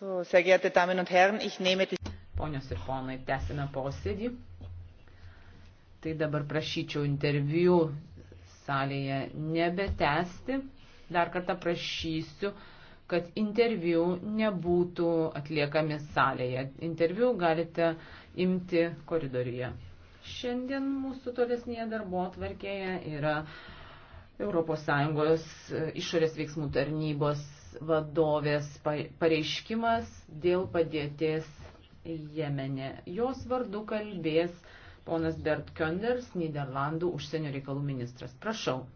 Ponios ir ponai, tęsime posėdį. Tai dabar prašyčiau interviu salėje nebetęsti. Dar kartą prašysiu, kad interviu nebūtų atliekami salėje. Interviu galite imti koridoriuje. Šiandien mūsų tolesnėje darbo atvarkėje yra ES e, išorės veiksmų tarnybos vadovės pareiškimas dėl padėties Jemenė. Jos vardu kalbės ponas Bert Könders, Niderlandų užsienio reikalų ministras. Prašau.